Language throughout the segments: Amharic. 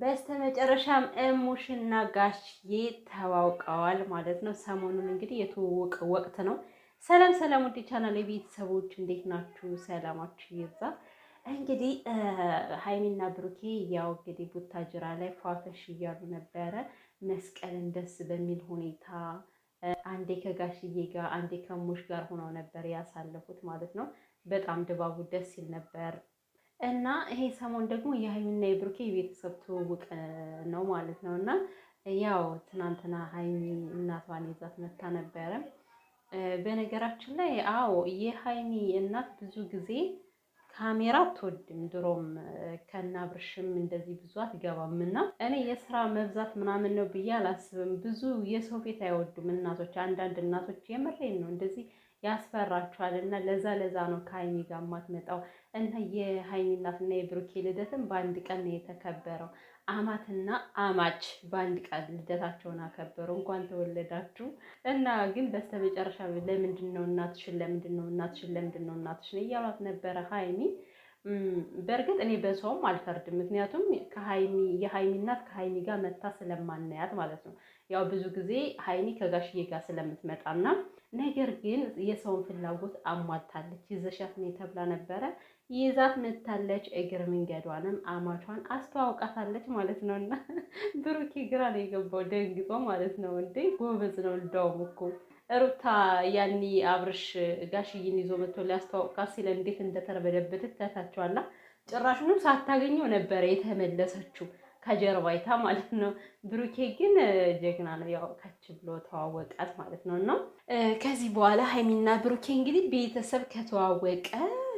በስተመጨረሻም እሙሽና ጋሽዬ ተዋውቀዋል ማለት ነው። ሰሞኑን እንግዲህ የተዋወቀ ወቅት ነው። ሰላም ሰላም፣ ውድ ቻናል ቤተሰቦች እንዴት ናችሁ? ሰላማችሁ ይብዛ። እንግዲህ ሀይሚና ብሩኬ ያው እንግዲህ ቡታጅራ ላይ ፏፈሽ እያሉ ነበረ። መስቀልን ደስ በሚል ሁኔታ አንዴ ከጋሽዬ ጋር አንዴ ከሙሽ ጋር ሆነው ነበር ያሳለፉት ማለት ነው። በጣም ድባቡ ደስ ይል ነበር። እና ይሄ ሰሞን ደግሞ የሀይሚና የብሩኬ የቤተሰብ ትውውቅ ነው ማለት ነው። እና ያው ትናንትና ሀይሚ እናቷን ይዛት መታ ነበረ። በነገራችን ላይ አዎ የሀይሚ እናት ብዙ ጊዜ ካሜራ አትወድም። ድሮም ከና ብርሽም እንደዚህ ብዙ አትገባም እና እኔ የስራ መብዛት ምናምን ነው ብዬ አላስብም። ብዙ የሰው ቤት አይወዱም እናቶች፣ አንዳንድ እናቶች የምሬን ነው እንደዚህ ያስፈራችኋል እና ለዛ ለዛ ነው ከሀይሚ ጋር የማትመጣው እና የሀይሚ እና የብሩኬ ልደትን በአንድ ቀን ነው የተከበረው። አማትና አማች በአንድ ቀን ልደታቸውን አከበሩ። እንኳን ተወለዳችሁ እና ግን በስተመጨረሻ ለምንድን ነው እናትሽን ለምንድን ነው እናትሽን ለምንድን ነው እናትሽን እያሏት ነበረ ሀይሚ በእርግጥ እኔ በሰውም አልፈርድም። ምክንያቱም ከሀይሚ የሀይሚ እናት ከሀይሚ ጋር መታ ስለማናያት ማለት ነው። ያው ብዙ ጊዜ ሀይሚ ከጋሽዬ ጋር ስለምትመጣና ነገር ግን የሰውን ፍላጎት አሟታለች። ይዘሻት ነው የተብላ ነበረ። ይዛት መታለች። እግር መንገዷንም አማቿን አስተዋውቃታለች ማለት ነው። እና ብሩኬ ግራ ነው የገባው ደንግጦ ማለት ነው። እንዴ ጎበዝ ነው እንዳውም እኮ ሩታ ያኔ አብርሽ ጋሽይን ይዞ መጥቶ ሊያስተዋውቃት ሲለ እንዴት እንደተርበደበትት ታያታቸዋላ። ጭራሹንም ሳታገኘው ነበረ የተመለሰችው። ከጀርባ ከጀርባይታ ማለት ነው። ብሩኬ ግን ጀግና ነው። ያው ከች ብሎ ተዋወቃት ማለት ነው። እና ከዚህ በኋላ ሀይሚና ብሩኬ እንግዲህ ቤተሰብ ከተዋወቀ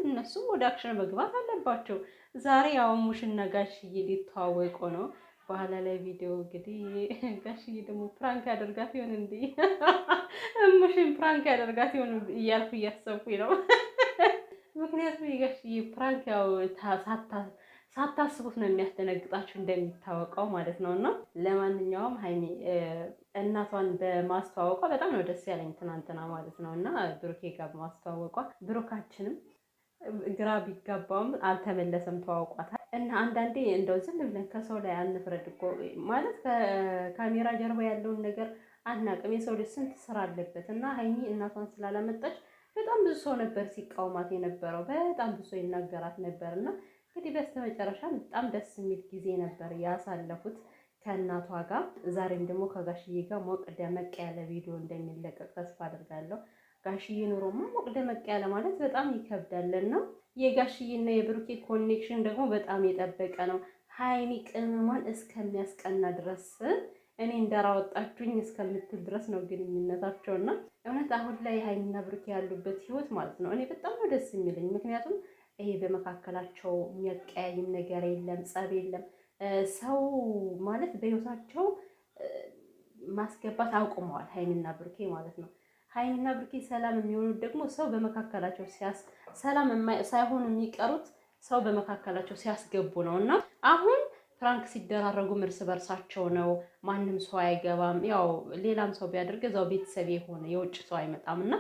እነሱም ወደ አክሽን መግባት አለባቸው። ዛሬ ያው ሙሽና ጋሽዬ ሊተዋወቁ ነው። በኋላ ላይ ቪዲዮ እንግዲህ ጋሽዬ ደግሞ ፕራንክ ያደርጋት ይሆን እንዴ? ሙሽን ፕራንክ ያደርጋት ይሆን እያልኩ እያሰብኩኝ ነው። ምክንያቱም የጋሽዬ ፕራንክ ያው ሳታ ሳታስቡት ነው የሚያስደነግጣችሁ እንደሚታወቀው ማለት ነው። እና ለማንኛውም ሀይሚ እናቷን በማስተዋወቋ በጣም ነው ደስ ያለኝ ትናንትና ማለት ነው። እና ብሩኬ ጋር በማስተዋወቋ ብሩካችንም ግራ ቢጋባውም አልተመለሰም፣ ተዋውቋታል። እና አንዳንዴ እንደው ዝም ብለን ከሰው ላይ አንፍረድ እኮ ማለት ከካሜራ ጀርባ ያለውን ነገር አናቅም። የሰው ልጅ ስንት ስራ አለበት። እና ሀይሚ እናቷን ስላላመጣች በጣም ብዙ ሰው ነበር ሲቃውማት የነበረው፣ በጣም ብዙ ሰው ይናገራት ነበር እና እንግዲህ በስተመጨረሻ በጣም ደስ የሚል ጊዜ ነበር ያሳለፉት ከእናቷ ጋር። ዛሬም ደግሞ ከጋሽዬ ጋር ሞቅ ደመቅ ያለ ቪዲዮ እንደሚለቀቅ ተስፋ አድርጋለሁ። ጋሽዬ ኑሮማ ሞቅ ደመቅ ያለ ማለት በጣም ይከብዳልና የጋሽዬና የብሩኬ ኮኔክሽን ደግሞ በጣም የጠበቀ ነው። ሀይሚ ቅመሟን እስከሚያስቀና ድረስ እኔ እንዳራወጣችሁኝ እስከምትል ድረስ ነው ግንኙነታቸውና እውነት አሁን ላይ ሀይሚና ብሩኬ ያሉበት ህይወት ማለት ነው። እኔ በጣም ነው ደስ የሚለኝ ምክንያቱም ይሄ በመካከላቸው የሚያቀያይም ነገር የለም፣ ጸብ የለም። ሰው ማለት በህይወታቸው ማስገባት አውቁመዋል፣ ሀይሚና ብርኬ ማለት ነው። ሀይሚና ብርኬ ሰላም የሚሆኑት ደግሞ ሰው በመካከላቸው ሲያስ ሰላም ሳይሆኑ የሚቀሩት ሰው በመካከላቸው ሲያስገቡ ነው። እና አሁን ፕራንክ ሲደራረጉም እርስ በርሳቸው ነው። ማንም ሰው አይገባም። ያው ሌላም ሰው ቢያደርግ እዛው ቤተሰብ የሆነ የውጭ ሰው አይመጣም። እና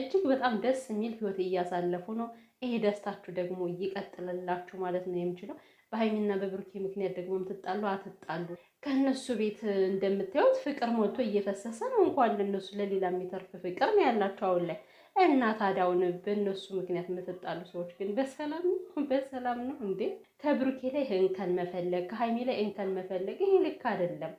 እጅግ በጣም ደስ የሚል ህይወት እያሳለፉ ነው። ይሄ ደስታችሁ ደግሞ ይቀጥልላችሁ ማለት ነው የምችለው። በሀይሚና በብሩኬ ምክንያት ደግሞ የምትጣሉ አትጣሉ። ከእነሱ ቤት እንደምታዩት ፍቅር ሞልቶ እየፈሰሰ ነው። እንኳን ለእነሱ ለሌላ የሚተርፍ ፍቅር ነው ያላቸው አሁን ላይ እና ታዲያውን በእነሱ ምክንያት የምትጣሉ ሰዎች ግን በሰላም ነው በሰላም ነው እንዴ? ከብሩኬ ላይ እንከን መፈለግ፣ ከሀይሚ ላይ እንከን መፈለግ ይሄ ልክ አይደለም።